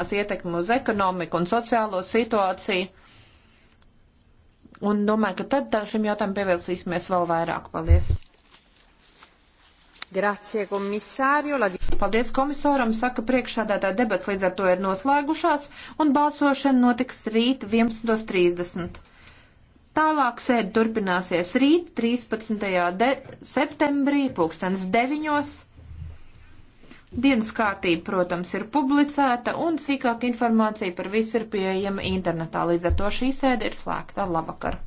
tās ietekmi uz ekonomiku un sociālo situāciju. Un domāju, ka tad uh, šim jautājumam pievērsīsimies vēl vairāk. Paldies! Grazie, komisārio. Paldies komisoram, saka priekšsādātā debats līdz ar to ir noslēgušās, un balsošana notiks rīt 11.30. Tālāk sēde turpināsies rīt 13. septembrī, pulkstens 9. Dienas kārtība, protams, ir publicēta un sīkāka informācija par visu ir pieejama internetā, līdz ar to šī sēde ir slēgta. Labvakar!